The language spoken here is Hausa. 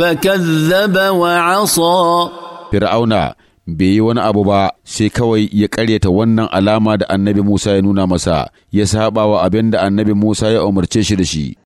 فكذب وعصى فرعون bai yi wani abu ba sai kawai ya karyata wannan alama da annabi Musa ya nuna masa ya saba wa abin da annabi Musa ya umarce shi da shi